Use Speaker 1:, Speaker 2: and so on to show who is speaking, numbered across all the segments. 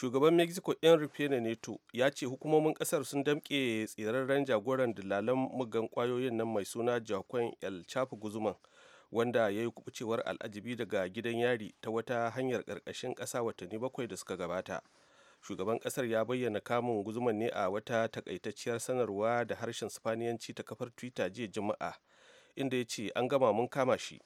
Speaker 1: shugaban mexico enrique neto ya ce hukumomin kasar sun damƙe tsirarren jagoran dalalan mugan kwayoyin nan mai suna jakon el chapo guzuman wanda ya yi kubucewar al'ajibi daga gidan yari ta wata hanyar karkashin kasa watanni bakwai da suka gabata shugaban kasar ya bayyana kamun guzuman ne a wata takaitacciyar sanarwa da harshen spaniyanci ta kafar twitter jiya juma'a inda ya ce an gama mun kama shi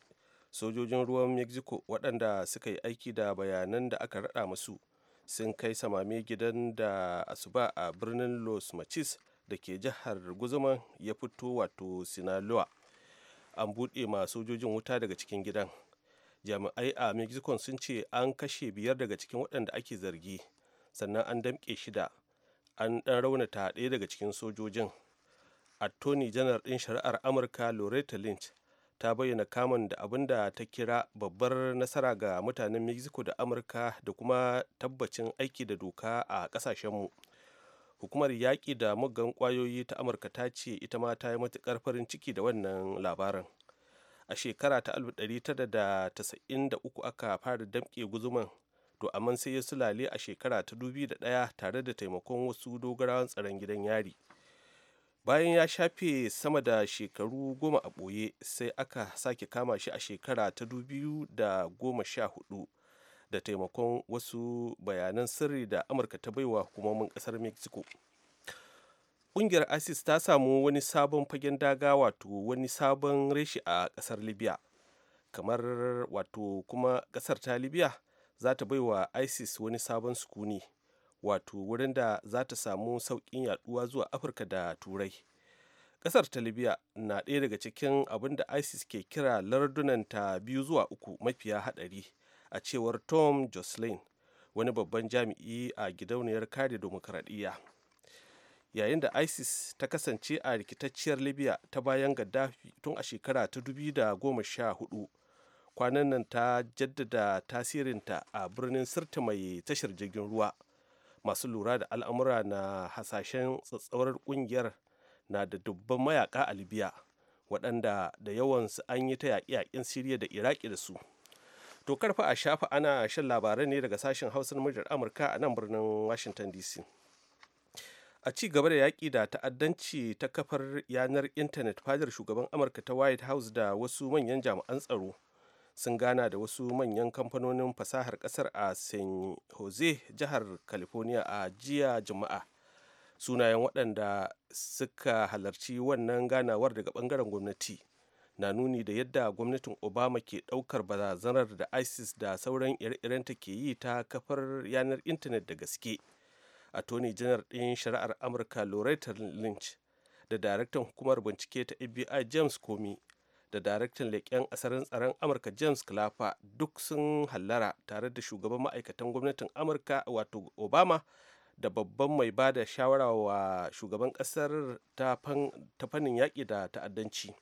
Speaker 1: sojojin ruwan mexico waɗanda suka yi aiki da bayanan da aka raɗa musu sun kai samame gidan da asuba a birnin los machis da ke jihar guzuman ya fito wato sinaloa an buɗe ma sojojin wuta daga cikin gidan jami'ai a mexico sun ce an kashe biyar daga cikin waɗanda ake zargi sannan an damƙe shida an ɗan raunata ɗaya daga cikin sojojin attorney janar ɗin shari'ar amurka loretta lynch ta bayyana kamun da abin da ta kira babbar nasara ga mutanen mexico da amurka da kuma tabbacin aiki da doka a kasashenmu hukumar yaƙi da muggan ƙwayoyi ta amurka ta ce ita ma ta yi matuƙar farin ciki da wannan labarin a shekara ta 1993 aka fara damƙe guzuman to amma sai ya sulale a shekara ta 2001 tare da taimakon wasu dogarawan tsaron gidan yari bayan ya shafe sama da shekaru goma a ɓoye sai aka sake kama shi a shekara ta dubu da goma sha hudu da taimakon wasu bayanan sirri da amurka ta baiwa hukumomin ƙasar mexico ƙungiyar isis ta samu wani sabon fagen daga wato wani sabon reshi a ƙasar libya kamar wato kuma ƙasar ta libya za ta baiwa isis wani sabon sukuni wato wurin da za ta samu saukin yaduwa zuwa afirka da turai ƙasar ta libya na ɗaya daga cikin abin da isis ke kira lardunan ta biyu zuwa uku mafiya haɗari a cewar tom jocelyn wani babban jami'i a gidauniyar kare demokradiyya yayin da isis ta kasance a rikitacciyar libya ta bayan gaddafi tun a shekara ta dubi da goma sha 2014 kwanan nan ta jaddada tasirinta a birnin sirta mai tashar jirgin ruwa masu lura da al'amura na hasashen tsatsauran kungiyar na da dubban mayaka a libya waɗanda da yawansu an yi ta yaƙe yaƙin siriya da iraki da su to karfa a shafa ana shan labarai ne daga sashen hausar muryar amurka a nan birnin washington dc a ci gaba da yaƙi da ta'addanci ta kafar yanar intanet fadar shugaban amurka ta white house da wasu manyan jami'an tsaro sun gana da wasu manyan kamfanonin fasahar kasar a san jose jihar california a jiya juma'a sunayen waɗanda suka halarci wannan ganawar daga ɓangaren gwamnati na nuni da yadda gwamnatin obama ke ɗaukar barazanar da isis da sauran ire-irenta ke yi ta kafar yanar intanet da gaske attorney janar ɗin shari'ar amurka loretta lynch da daraktan hukumar bincike ta fbi james comey da daraktan leƙen asarin tsaron amurka james clapper duk sun hallara tare da shugaban ma'aikatan gwamnatin amurka wato obama da babban mai ba da shawara wa shugaban ƙasar ta fannin yaƙi da ta'addanci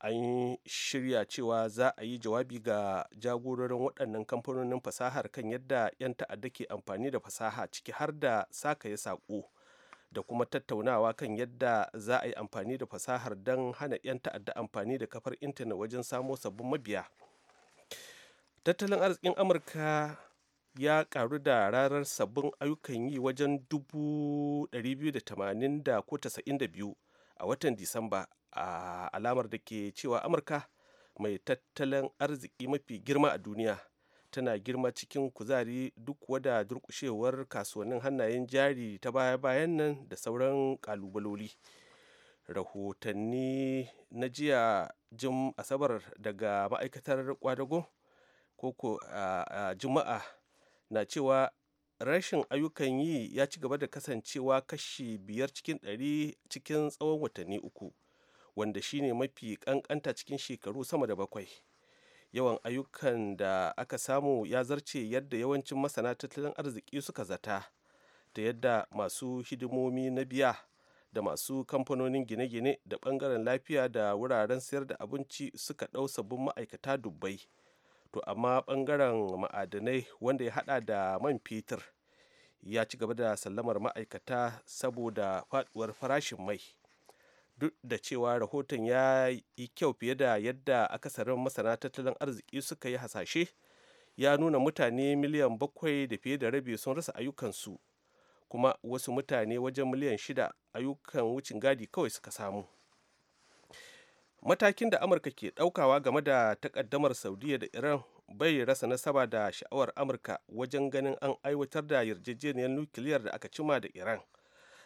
Speaker 1: an shirya cewa za a yi jawabi ga jagororin waɗannan kamfanonin fasahar kan yadda 'yan ta'adda ke amfani da fasaha ciki har da sakaye saƙo da kuma tattaunawa kan yadda za a yi amfani da fasahar don hana 'yan ta'adda amfani da kafar intanet wajen samo sabbin mabiya tattalin arzikin amurka ya karu da ranar sabbin ayyukan yi wajen 280 a watan disamba a alamar da ke cewa amurka mai tattalin arziki mafi girma a duniya tana girma cikin kuzari duk wada durkushewar kasuwannin hannayen jari ta baya-bayan nan da sauran kalubaloli rahotanni na jiya jim asabar daga ma'aikatar kwadago koko a juma'a na cewa rashin ayyukan yi ya ci gaba da kasancewa kashi biyar cikin ɗari cikin tsawon watanni uku wanda shine mafi kankanta cikin shekaru sama da bakwai yawan ayyukan da aka samu ya zarce yadda yawancin masana tattalin arziki suka zata ta yadda masu hidimomi na biya da masu kamfanonin gine-gine da ɓangaren lafiya da wuraren sayar da abinci suka ɗau sabbin ma'aikata dubbai to amma bangaren ma'adanai wanda ya haɗa da man fetur ya ci gaba da sallamar ma'aikata saboda faɗuwar farashin mai. duk da cewa rahoton ya yi kyau fiye da yadda akasarin masana tattalin arziki suka yi hasashe ya nuna mutane miliyan bakwai da fiye da rabi sun rasa ayyukansu kuma wasu mutane wajen miliyan shida ayyukan wucin gadi kawai suka samu matakin da amurka ke daukawa game da takaddamar saudiya da iran bai rasa nasaba da sha'awar amurka wajen ganin an aiwatar da yarjejeniyar nukiliyar da aka cima da iran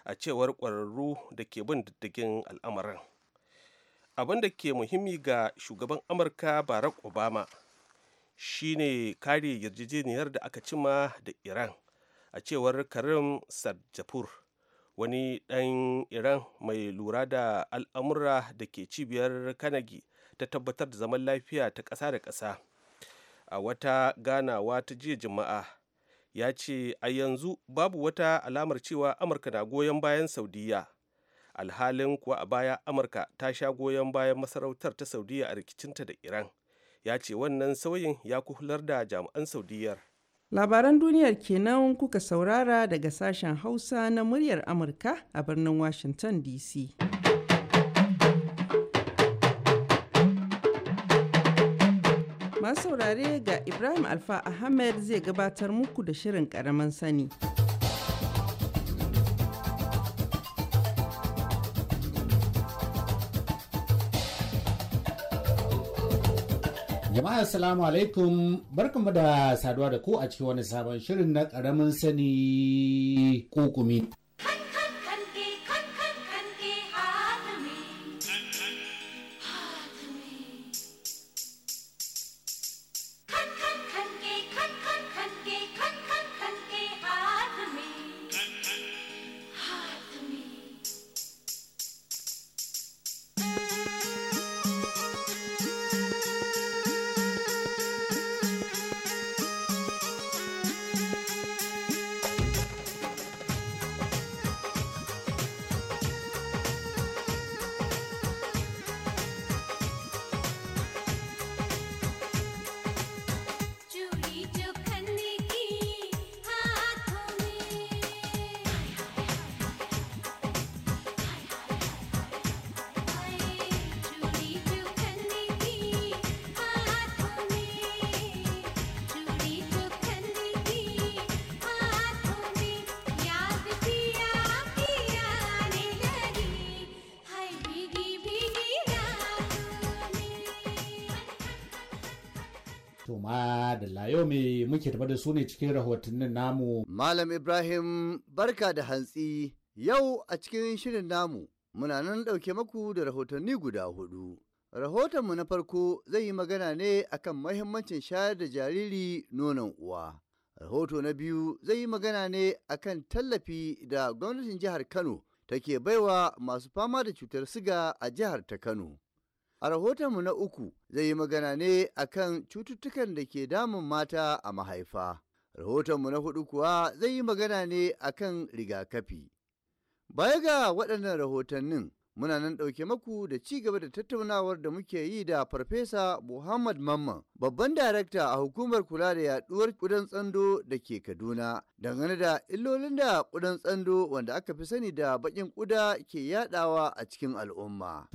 Speaker 1: a cewar ƙwararru da ke bin diddigin al'amarin abin da ke muhimmi ga shugaban amurka barack obama shine kare yarjejeniyar da aka cima da iran a cewar karim sarjapur wani ɗan iran mai lura da al'amura da ke cibiyar kanagi ta tabbatar da zaman lafiya ta ƙasa da ƙasa a wata ganawa ta jiya juma'a ya ce a yanzu babu wata alamar cewa amurka na goyon bayan saudiya alhalin kuwa a baya amurka ta sha goyon bayan masarautar ta saudiya a rikicinta da iran ya ce wannan sauyin ya kuhular da jami'an saudiyar
Speaker 2: labaran duniyar kenan kuka saurara daga sashen hausa na muryar amurka a birnin washington dc masu saurare ga Ibrahim Alfa Ahmed zai gabatar muku da shirin karaman sani.
Speaker 3: Jama'a salamu alaikum barkanmu da saduwa da ku a cikin wani sabon shirin na karamin sani kukumi.
Speaker 4: da yau me muke tafa da su ne cikin rahotannin namu malam ibrahim barka da hantsi yau a cikin shirin namu muna nan ɗauke maku da rahotanni guda hudu rahotonmu na farko zai yi magana ne akan mahimmancin shayar da jariri nonon uwa rahoto na biyu zai yi magana ne akan tallafi da gwamnatin jihar kano take baiwa masu fama da cutar siga a jihar ta kano A rahotonmu na uku zai yi magana ne akan cututtukan da ke damun mata a mahaifa. Rahotonmu na hudu kuwa zai yi magana ne akan rigakafi. Baya ga waɗannan rahotannin, Muna nan ɗauke maku da ci gaba da tattaunawar da muke yi da Farfesa Muhammad Mamman, babban darakta a hukumar kula da yaduwar ƙudan tsando da ke Kaduna, dangane da illolin da ƙudan tsando wanda aka fi sani da baƙin ƙuda ke yadawa a cikin al'umma.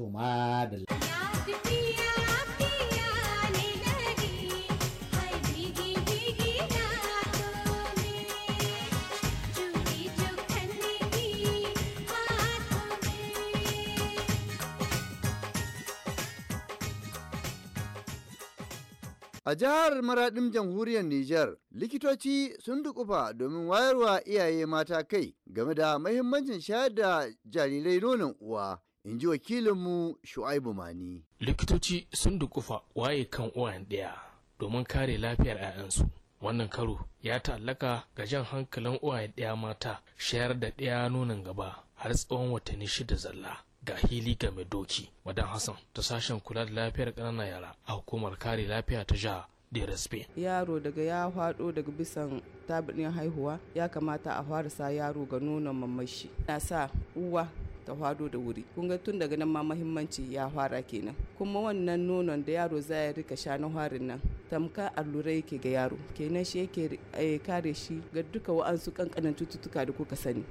Speaker 4: A jihar Maraɗin Jamhuriyar Nijar, likitoci sun dukufa domin wayarwa iyaye mata kai game da mahimmancin shayar da jarirai nonon uwa. in ji wakilinmu shu'aibu mani
Speaker 5: likitoci sun dukufa waye kan uwan ɗaya domin kare lafiyar 'ya'yansu wannan karo ya ta'allaka ga jan hankalin uwaye ɗaya mata shayar da ɗaya nonon gaba har tsawon watanni shida zalla ga hili ga mai doki madan hassan ta sashen kula da lafiyar kananan yara a hukumar kare lafiya ta jiha DRSP.
Speaker 6: Yaro daga ya faɗo daga bisan tabirin haihuwa ya kamata a fara sa yaro ga nonon mamashi. Na sa uwa ta fado da wuri. Kun tun daga nan ma mahimmanci ya fara kenan. Kuma wannan nonon da yaro za ya rika sha na harin nan tamka allura yake ga yaro. Kenan shi yake eh, kare shi ga duka wa'ansu kankanan cututtuka da kuka sani.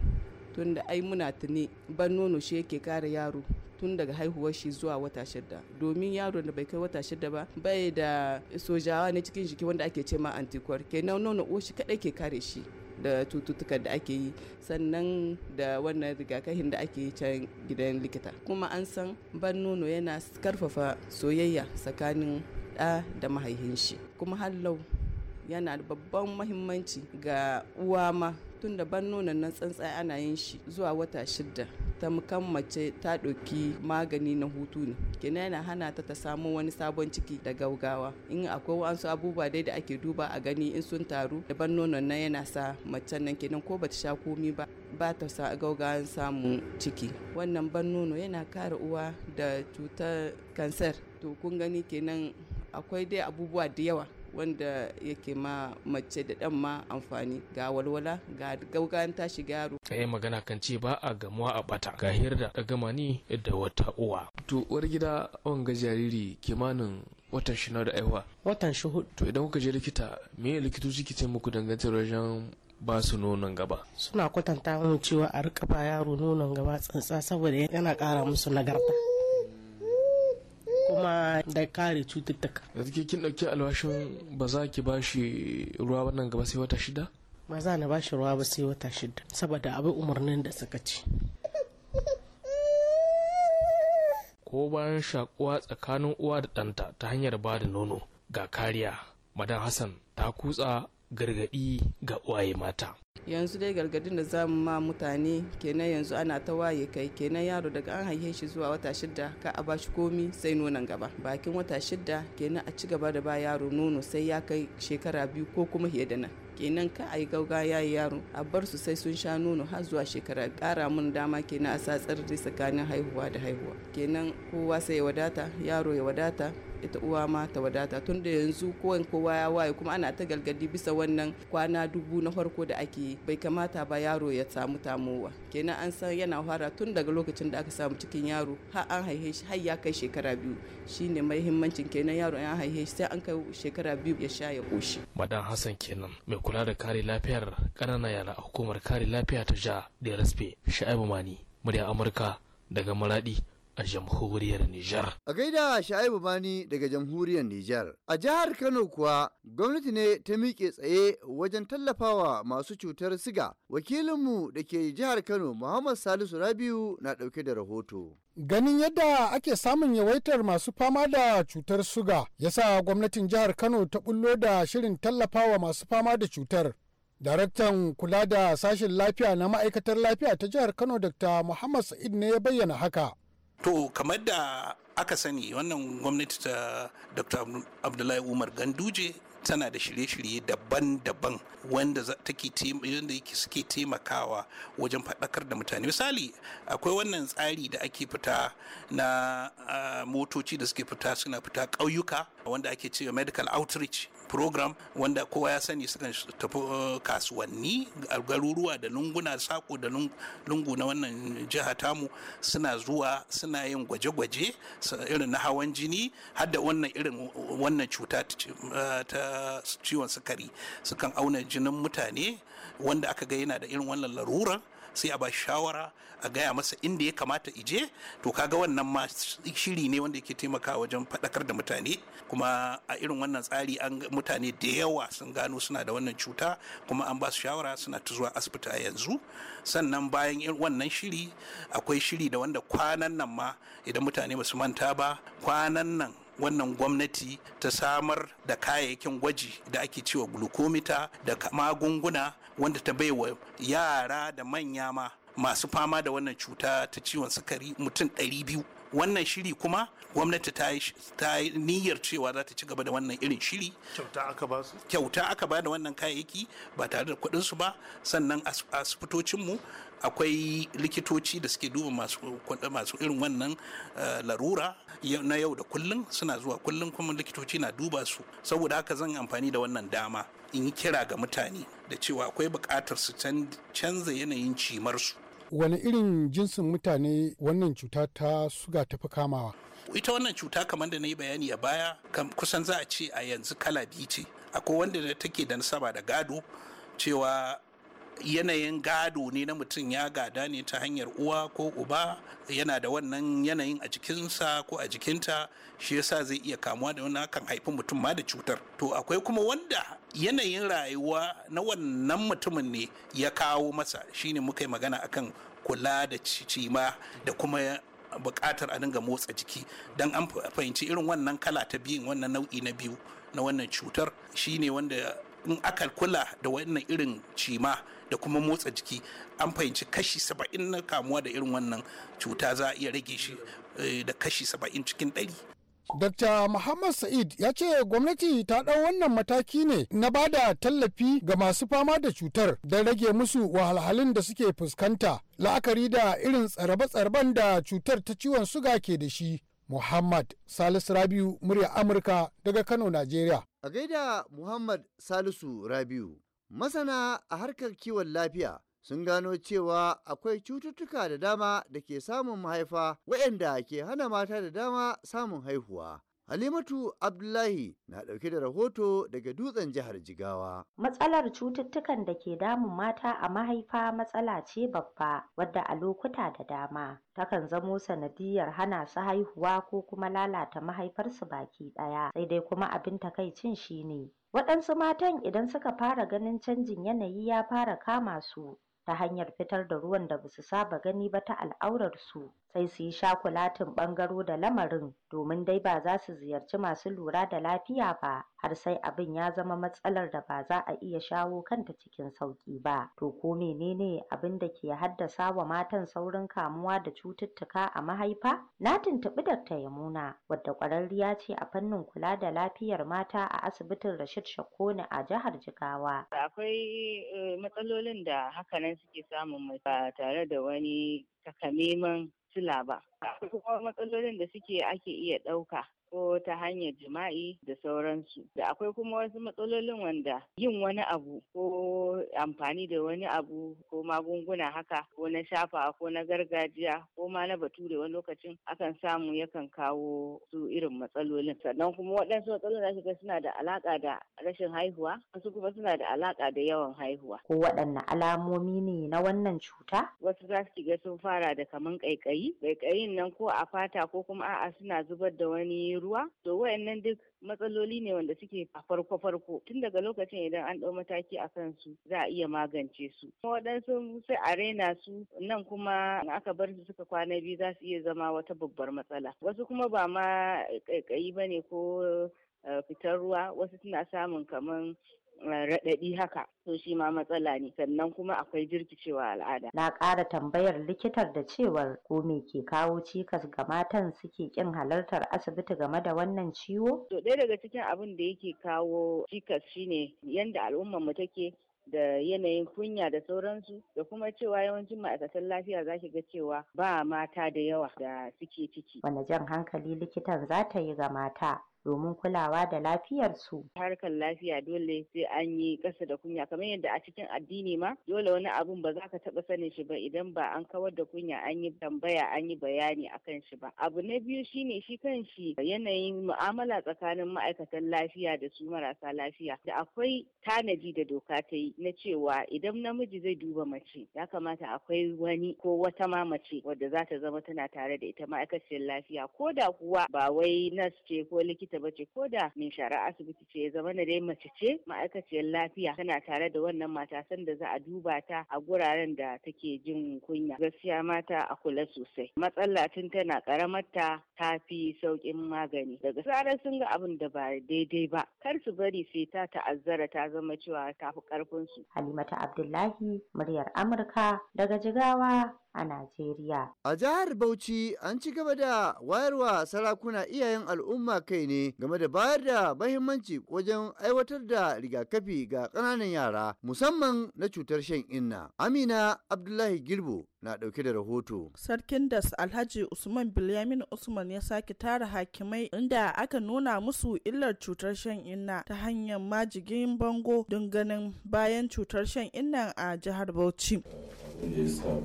Speaker 6: tunda ai muna tuni ban nono shi yake kare yaro tun daga haihuwar shi zuwa wata shida domin yaro da bai kai wata shida ba bai da sojawa na cikin jiki wanda ake ce ma antikwar kenan nono o shi kadai ke kare shi da cututtukan da ake yi sannan da wannan rigakafin da ake yi can gidan likita kuma an san ban nono yana karfafa soyayya tsakanin da da mahaihin shi kuma hallau yana babban mahimmanci ga uwa ma tun da ban nonon nan tsantsa ana yin shi zuwa wata shida ta mukan mace ta ɗauki magani na hutu ne kenan yana hana ta ta samu wani sabon ciki da gaugawa in akwai wasu abubuwa dai da ake duba a gani in sun taru da ban nonon nan yana sa mace nan kenan ko bata sha komi ba ba ta sa gaugawan samun ciki wannan ban nono yana kare uwa da cutar kansar to kun gani kenan akwai dai abubuwa da yawa wanda yake ma mace da dan ma amfani ga walwala ga ta tashi yaro
Speaker 5: kai magana kan ce ba a gamuwa a bata ga hirda gama ni da wata uwa to uwar gida on ga jariri kimanin watan shi da aiwa watan shi hudu to idan kuka je likita me likitoci ke ce muku dangantar wajen ba su nonon gaba.
Speaker 6: Suna kwatanta mun cewa a rika ba yaro nonon gaba tsantsa saboda yana ƙara musu nagarta.
Speaker 5: kuma da kare cututtuka da yanzu kin dauki alwashin ba za ki bashi ruwa wannan gaba sai wata shida
Speaker 6: ba za na bashi ruwa ba sai wata shida saboda abin umarnin da suka ci
Speaker 5: ko bayan shakuwa tsakanin uwa da ɗanta ta hanyar ba da nono ga kariya madan hassan ta kutsa gargaɗi ga uwaye mata
Speaker 6: yanzu dai gargadin da za mu ma mutane kenan yanzu ana ta waye kai kenan yaro daga an haihe shi zuwa wata shida ka a bashi komi sai nonon gaba bakin wata shida kenan a ci gaba da ba yaro nono sai ya kai shekara biyu ko kuma fiye da nan kenan ka a yi gauga ya yi yaro a bar su sai sun sha nono har zuwa shekara kara mun dama kenan a sa tsarri tsakanin haihuwa da haihuwa kenan kowa sai ya wadata yaro ya wadata ita uwa ma ta wadata tun da yanzu kowai kowa ya waye kuma ana ta galgadi bisa wannan kwana dubu na farko da ake bai kamata ba yaro ya samu tamowa kenan an san yana fara tun daga lokacin da aka samu cikin yaro har an haihe shi har ya kai shekara biyu shine mahimmancin kenan yaro an haihe shi sai an kai shekara biyu ya sha ya koshi
Speaker 5: madan hassan kenan mai kula da kare lafiyar ƙananan yara a hukumar kare lafiya ta jiha da raspe sha'ibu mani murya amurka daga maradi a jamhuriyar Nijar.
Speaker 4: A gaida Sha'ibu Bani daga jamhuriyar Nijar. A jihar Kano kuwa gwamnati ne ta miƙe tsaye wajen tallafawa masu cutar siga. Wakilinmu da ke jihar Kano Muhammad Salisu Rabiu na ɗauke da rahoto.
Speaker 3: Ganin yadda ake samun yawaitar masu fama da cutar suga ya sa gwamnatin jihar Kano ta bullo da shirin tallafawa masu fama da cutar. Daraktan kula da sashen lafiya na ma'aikatar lafiya ta jihar Kano Dr. Muhammad Sa'id ne ya bayyana haka.
Speaker 7: to kamar da aka sani wannan gwamnati ta dr abdullahi umar ganduje tana da shirye-shirye daban-daban wanda yake suke taimakawa wajen faɗakar da mutane misali akwai wannan tsari da ake fita na ah, motoci da suke fita suna fita ƙauyuka wanda ake cewa medical outreach program wanda kowa ya sani sukan tafi uh, kasuwanni garuruwa da lunguna sako da lungu na wannan jiha tamu suna zuwa suna yin gwaje-gwaje irin na hawan jini har da wannan irin uh, wannan cuta uh, ta ciwon sukari sukan auna jinin mutane wanda aka ga yana da irin wannan larurar sai a ba shawara a gaya masa inda ya kamata ije to kaga wannan ma shiri ne wanda yake taimakawa wajen faɗakar da mutane kuma a irin wannan tsari an mutane da yawa sun gano suna da wannan cuta kuma an ba su shawara suna ta zuwa asibiti a yanzu sannan bayan wannan shiri akwai shiri da wanda kwanan nan ma idan mutane ba su manta ba kwanan nan wannan gwamnati ta samar da kayayyakin gwaji da ake cewa glucometer da magunguna wanda ta baiwa yara da manya ma masu fama da wannan cuta ta ciwon sukari mutum 200 wannan shiri kuma gwamnati ta yi niyyar cewa za ta ci gaba da wannan irin shiri kyauta aka ba su kyauta aka ba da wannan kayayyaki ba tare da kuɗin ba sannan asibitocin mu akwai likitoci da suke duba masu irin wannan eh, larura na yau da kullun suna zuwa kullun kuma likitoci na duba su saboda haka zan amfani da wannan dama in yi kira ga mutane da cewa akwai bukatar su canza yanayin cimarsu
Speaker 3: wani irin jinsin mutane wannan cuta ta suga ta fi kamawa
Speaker 7: ita wannan cuta kamar da na yi bayani a baya kusan za a ce a yanzu kala biyu ce akwai wanda take da nasaba da gado cewa yanayin gado ne na mutum ya gada ne ta hanyar uwa ko uba yana da wannan yanayin a jikinsa ko a jikinta shi yasa zai iya kamuwa da wani kan haifi mutum ma da cutar to akwai kuma wanda yanayin rayuwa na wannan mutumin ne ya kawo masa shine muka yi magana akan kula da cima da kuma buƙatar a dinga motsa jiki don an fahimci irin wannan kala ta biyun wannan nau'i na biyu na wannan cutar shine wanda in aka kula da wannan irin cima da kuma motsa jiki an fahimci kashi saba'in na kamuwa da irin wannan cuta za a iya rage shi eh, da kashi saba'in cikin ɗari.
Speaker 3: Dr. Muhammad Sa'id ya ce gwamnati ta ɗau wannan mataki ne na ba da tallafi ga masu fama da cutar da rage musu wahalhalun da suke fuskanta la'akari da irin tsarabe tsarben da cutar ta ciwon suga ke da shi. Muhammad Salisu Rabiu murya Amurka daga Kano, Najeriya.
Speaker 4: A gaida Muhammad Salisu Rabiu. Masana a harkar kiwon lafiya sun gano cewa akwai cututtuka da dama da ke samun mahaifa waɗanda ke hana mata da dama samun haihuwa. Halimatu Abdullahi na ɗauke da rahoto daga dutsen jihar Jigawa. Matsalar cututtukan da ke
Speaker 8: damun mata a mahaifa matsala ce babba wadda a lokuta da dama takan zamo sanadiyar hana su haihuwa ko kuma lalata mahaifarsu baki ɗaya sai dai kuma abin takaicin ne. Waɗansu matan idan suka fara ganin canjin yanayi ya fara kama su ta hanyar fitar da ruwan da ba su saba gani ba ta al'aurarsu. sai su yi shakulatin ɓangaro da lamarin domin dai ba za su ziyarci masu lura da lafiya ba har sai abin ya zama matsalar da ba za a iya shawo kanta cikin sauƙi ba. To ko menene abin da ke haddasa wa matan saurin kamuwa da cututtuka a mahaifa? Na tuntuɓi Dr. Yamuna wadda ƙwararriya ce a fannin kula da lafiyar mata a asibitin Rashid ne a jihar Jigawa.
Speaker 9: Akwai eh, matsalolin da hakanan suke samun ba tare da wani takamaiman fitila ba. Kuma matsalolin da suke ake iya ɗauka. ko ta hanyar jima'i da sauransu. Da akwai kuma wasu matsalolin wanda yin wani abu ko amfani da wani abu ko magunguna haka ko na shafa ko na gargajiya ko ma na bature wani lokacin akan samu yakan kawo su irin matsalolin. Sannan kuma waɗansu matsalolin da suna da alaƙa da rashin haihuwa wasu kuma suna da alaƙa da yawan haihuwa. Ko
Speaker 8: waɗanne alamomi ne na wannan cuta?
Speaker 9: Wasu za su ga sun fara da kaman ƙaiƙayi. Ƙaiƙayin nan ko a fata ko kuma a'a suna zubar da wani ruwa to wayannan duk matsaloli ne wanda suke a farko farko tun daga lokacin idan an ɗau mataki a kan su za a iya magance su waɗansu sai a raina su nan kuma in aka bar su suka kwana biyu za su iya zama wata babbar matsala wasu kuma ba ma ƙaiƙayi ba ne ko eh, fitar ruwa wasu suna samun kaman raɗaɗi haka to shi ma matsala ne sannan kuma akwai jirkicewa al'ada.
Speaker 8: Na ƙara tambayar likitar da cewar ko me ke kawo cikas ga matan suke ƙin halartar asibiti game da wannan ciwo?
Speaker 9: To ɗaya daga cikin abin da yake kawo cikas shine yanda al'umman mu take da yanayin kunya da sauransu da kuma cewa yawancin ma'aikatan lafiya za ga cewa ba mata da yawa da suke ciki.
Speaker 8: Wane jan hankali likitan za ta yi ga mata domin kulawa da lafiyarsu.
Speaker 9: Harkar lafiya dole sai an yi ƙasa da kunya kamar yadda a cikin addini ma dole wani abun ba za ka taɓa sanin shi ba idan ba an kawar da kunya an yi tambaya an yi bayani akan shi ba. Abu na biyu shine shi kan shi yanayin mu'amala tsakanin ma'aikatan lafiya da su marasa lafiya da akwai tanadi da doka ta yi na cewa idan namiji zai duba mace ya kamata akwai wani ko wata ma mace wadda za ta zama tana tare da ita ma'aikaciyar lafiya ko da kuwa ba wai nas ce ko likita likita bace ko da mai shara asibiti ce ya zama na dai mace ce ma'aikaciyar lafiya tana tare da wannan mata da za a duba ta a guraren da take jin kunya gaskiya mata a kula sosai matsala tun tana karamar ta ta fi saukin magani daga sarar sun ga abin da ba daidai ba kar su bari sai ta ta'azzara ta zama cewa ta fi karfin su
Speaker 8: halimata abdullahi muryar amurka daga jigawa a Najeriya.
Speaker 4: A jihar Bauchi an ci gaba da wayarwa sarakuna iyayen al'umma kai ne game da bayar da mahimmanci wajen aiwatar da rigakafi ga ƙananan yara musamman na cutar shan inna. Amina Abdullahi Girbo na ɗauke da rahoto. Sarkin das Alhaji
Speaker 6: Usman Bilyamin Usman ya sake tara hakimai inda aka nuna musu illar cutar shan inna ta hanyar majigin bango don ganin bayan cutar shan inna a jihar Bauchi.
Speaker 10: E, e, da ya sa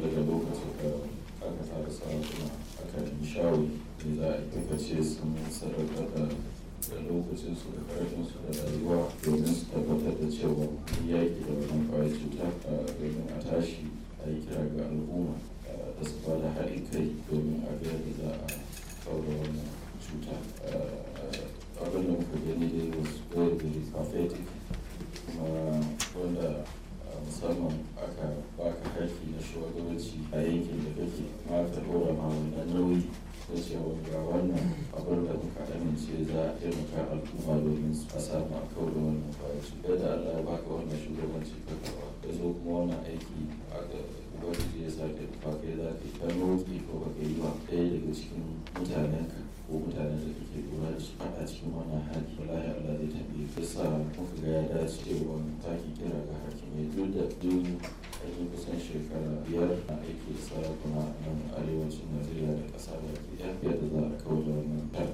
Speaker 10: daga lokacin da aka fara sarakuna aka yi shawo ne za a kuka ce sun sarrafa da lokacin su da karshen su da rayuwa domin su tabbatar da cewa yaƙi da wannan kwayar cuta a garin a tashi a yi kira ga al'umma da su ba da haɗin kai domin a ga yadda za a kaura wannan cuta abin da muka gani dai wasu ɗaya da kuma wanda musamman aka baka karfi na shugabanci a yankin da kake ma ka dora ma wannan nauyi ta cewa ga wannan abin da muka amince za a taimaka al'umma domin a samu a kawo da wannan farashi yadda Allah ya baka wannan shugabanci ka karba da zo kuma wannan aiki a ga ubangiji ya sake ka most people ka yi ɗaya daga cikin mutanen ka ko mutanen da kake lura da su a cikin wannan hali wallahi Allah zai tambaye ka sa muka ga ya dace cewa ta ki kira ga hakimai duk da duni an kusan shekara biyar a aiki da sarakuna nan arewacin Najeriya da ƙasa da ke yafiya da za a kawo da wannan ta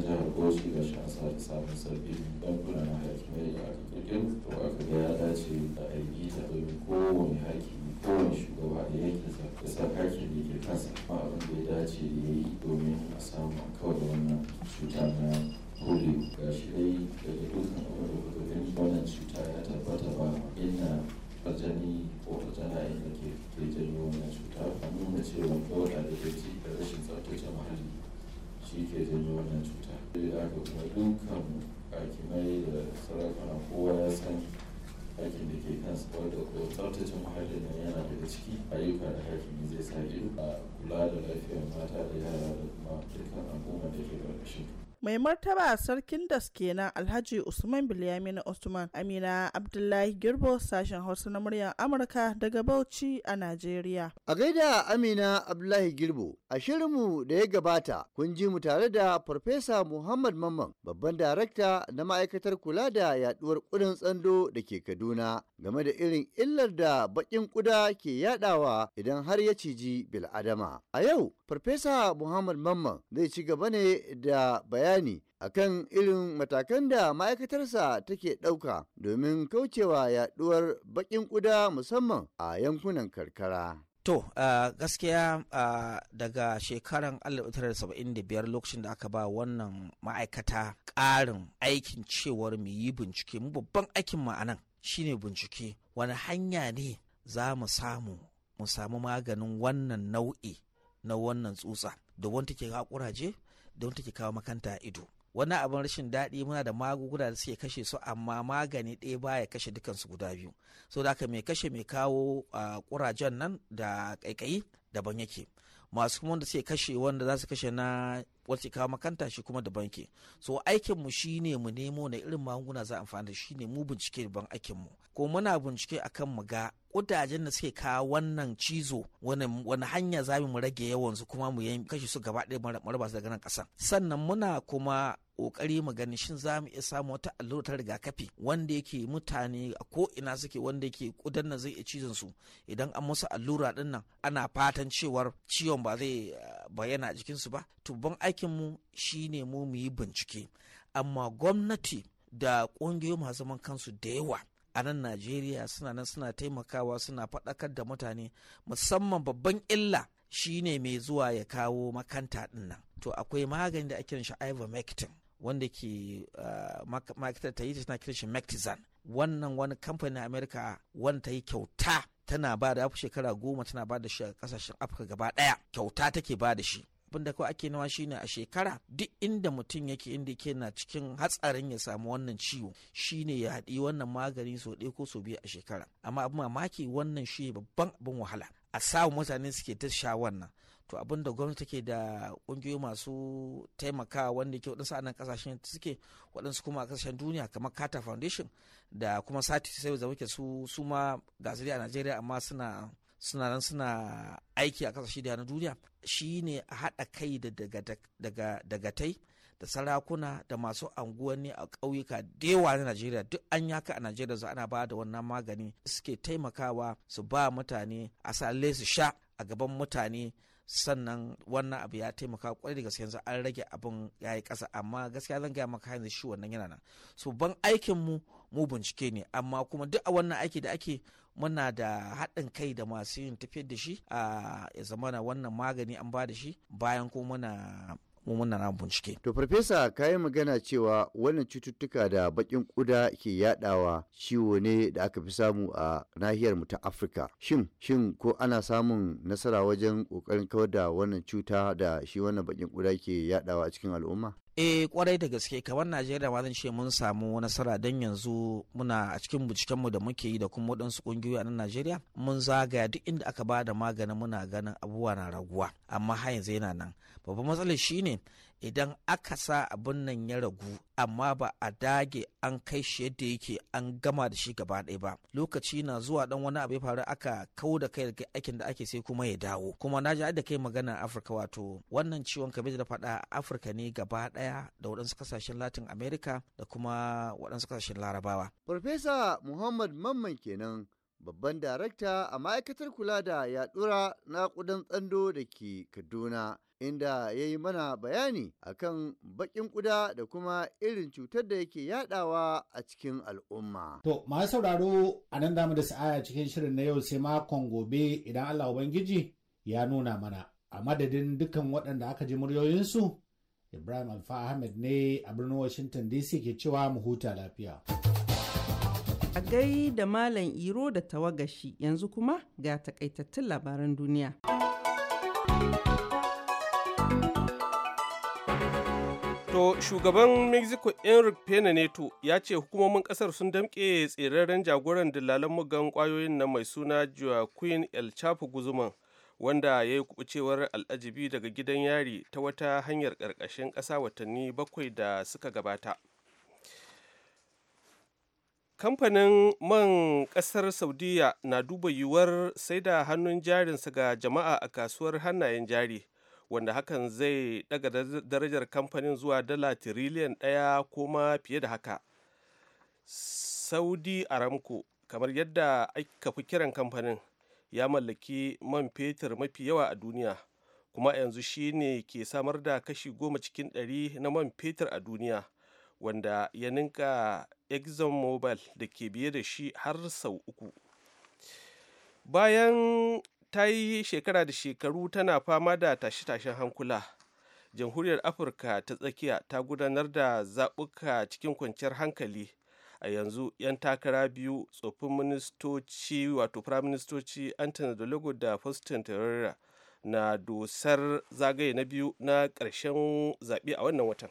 Speaker 10: jihar Bauchi ga shi an sa da samun sabbin bankuna na hakimai da aka kirkiro to aka ga ya dace a aiki da domin kowane haki kowane shugaba da yake da sakakin da ke kansa ba abin da ya dace da ya yi domin a samu kawai da wannan cuta na polio ga shi dai daga dukkan abin da kuka gani wannan cuta ya tabbata ba ina rajani ko rajana inda ke ke janyo wannan cuta a nuna cewa kawai da ke ci da rashin tsaftace muhalli shi ke janyo wannan cuta. Da aka kuma dukkan mai da sarakuna kowa ya san Hakin da ke kan kawai da ko tsaftace muhalli nan yana daga ciki ayyuka da hakimi zai sa ido a kula da lafiyar mata da yara da kuma dukkan al'umma da ke ƙarƙashin
Speaker 6: mai martaba sarkin das kenan alhaji usman bilyamin usman amina abdullahi girbo sashen hausa na muryar amurka daga bauchi a najeriya
Speaker 4: a gaida amina abdullahi girbo a shirinmu da ya gabata kun ji mu tare da farfesa muhammad mamman babban darakta na ma'aikatar kula da yaduwar kudin tsando da ke kaduna game da irin illar da bakin kuda ke yadawa idan har ya ciji bil'adama a yau farfesa muhammad mamman zai ci gaba ne da bayan bayani akan irin matakan da ma'aikatarsa take ɗauka domin kaucewa yaɗuwar baƙin ƙuda musamman a yankunan karkara. To, gaskiya
Speaker 11: daga shekaran 1975 lokacin da aka ba wannan ma'aikata ƙarin aikin cewar mu yi bincike, mu babban aikin ma'anan shine bincike, wani hanya ne za mu samu, mu samu maganin wannan nau'i na wannan tsutsa, da ke take kuraje don take kawo makanta ido wannan abin rashin daɗi muna da magunguna da suke kashe su amma magani ɗaya baya kashe dukansu guda biyu so da haka mai kashe mai kawo a ah, ƙurajen nan da ƙaiƙayi daban yake masu kuma wanda suke kashe wanda za su kashe na wacce kawo makanta shi kuma da banki so aikin mu shine mu nemo na irin magunguna za amfani da shi ne mu bincike ban aikin mu ko muna bincike akan mu ga kudajen da suke kawo wannan cizo wani hanya za mu rage yawan su kuma mu kashe su gaba ɗaya mu raba su daga nan ƙasan sannan muna kuma kokari mu gani shin za mu iya samu wata allura ta rigakafi wanda yake mutane a ko ina suke wanda yake kudan nan zai iya cizon su idan an musu allura din nan ana fatan cewar ciwon ba zai ah, bayyana a jikin su ba to ban aikin mu shine mu mu yi bincike amma gwamnati da ƙungiyoyi masu zaman kansu da yawa a nan najeriya suna nan suna taimakawa suna faɗakar da mutane musamman babban illa shine mai zuwa ya kawo makanta din nan to akwai magani da ake shi ivermectin wanda ke ah, ma'aikatar ta yi tana kira shi wannan wani kamfanin Amerika wanda ta yi kyauta tana ba da shekara goma tana ba da kasashen afirka gaba daya kyauta take ba da shi abin da kawai ake nawa shine a shekara duk inda mutum yake inda yake na cikin hatsarin ya samu wannan ciwo shine ya haɗi wannan magani sau ɗaya ko sau biyu a shekara amma abin mamaki wannan shi babban abin wahala a samu mutane suke ta sha wannan to abin da gwamnati take da kungiyoyi masu taimakawa wanda ke waɗansu anan kasashen suke waɗansu kuma a kasashen duniya kamar carter foundation da kuma sati sai da muke su su ma a najeriya amma suna suna nan suna aiki a kasashe da na duniya shi ne a haɗa kai da dagatai da sarakuna da masu anguwanni a ƙauyuka da yawa na najeriya duk an yaka a najeriya za ana ba da wannan magani suke taimakawa su ba mutane a su sha a gaban mutane sannan wannan abu ya taimaka kwarai da gaske yanzu an rage abin ya yi ƙasa amma gaskiya zan gaya maka yanzu shi wannan yana nan so ban aikin mu mu bincike ne amma kuma duk a wannan aiki da ake muna da haɗin kai da masu yin tafiyar da shi a ya zamana wannan magani an ba da shi bayan kuma muna
Speaker 4: mu muna bincike. To farfesa kayan magana cewa wannan cututtuka da baƙin ƙuda ke yaɗawa ciwo ne da aka fi samu a nahiyar mu ta Afirka. Shin shin ko ana samun nasara wajen ƙoƙarin kawar da wannan cuta da shi wannan bakin kuda ke yaɗawa a cikin al'umma?
Speaker 11: eh kwarai da gaske kamar najeriya ma zan ce mun samu nasara don yanzu muna a cikin binciken mu da muke yi da kuma wadansu ƙungiyoyi a nan najeriya mun zagaya duk inda aka ba da maganin muna ganin abubuwa na raguwa amma har yanzu yana nan babban matsalar shine idan aka sa abin nan ya ragu amma ba a dage an kai shi yadda yake an gama da shi gaba ɗaya ba lokaci na zuwa dan wani abu ya faru aka kau da kai aikin da ake sai kuma ya dawo kuma na ji da kai magana afirka wato wannan ciwon kabeji da faɗa afirka ne gaba ɗaya da waɗansu kasashen latin
Speaker 4: america da kuma waɗansu kasashen larabawa farfesa muhammad mamman kenan babban darakta a ma'aikatar kula da yaɗura na ƙudan tsando da ke kaduna inda ya yi mana bayani akan baƙin ƙuda da kuma irin cutar da yake yaɗawa a cikin al'umma. To, masu sauraro a nan damu
Speaker 3: da sa'aya cikin shirin na yau sai makon gobe idan Allah Ubangiji ya nuna mana. A madadin dukkan waɗanda aka ji muryoyinsu, Ibrahim Alfa Ahmed ne a birnin
Speaker 2: Washington DC ke cewa mu huta lafiya. A gai da Malam Iro da tawagashi yanzu kuma ga takaitattun labaran duniya.
Speaker 1: To shugaban Mexico Enrique Pena Neto ya ce hukumomin kasar sun damƙe tseraren jagoran dillalan mugan kwayoyin na mai suna Joaquin El Chapo Guzman wanda ya yi kubucewar al'ajibi daga gidan yari ta wata hanyar ƙarƙashin ƙasa watanni bakwai da suka gabata. Kamfanin man ƙasar Saudiya na duba yiwuwar sai da hannun jarinsa ga jama'a a kasuwar hannayen jari. wanda hakan zai daga darajar kamfanin zuwa dala tiriliyan ɗaya kuma fiye da haka saudi aramco kamar yadda aka fi kiran kamfanin ya mallaki man fetur mafi yawa a duniya kuma yanzu shi ne ke samar da kashi goma cikin ɗari na man fetur a duniya wanda ya ninka exxon mobil da ke biye da shi har sau uku bayan ta yi shekara da shekaru tana fama da tashe-tashen hankula jamhuriyar afirka ta tsakiya ta gudanar da zaɓuka cikin kwanciyar hankali a yanzu 'yan takara biyu tsoffin ministoci wato firaministoci antony dologo da faustin terrera na dosar zagaye na biyu na ƙarshen zaɓe a wannan watan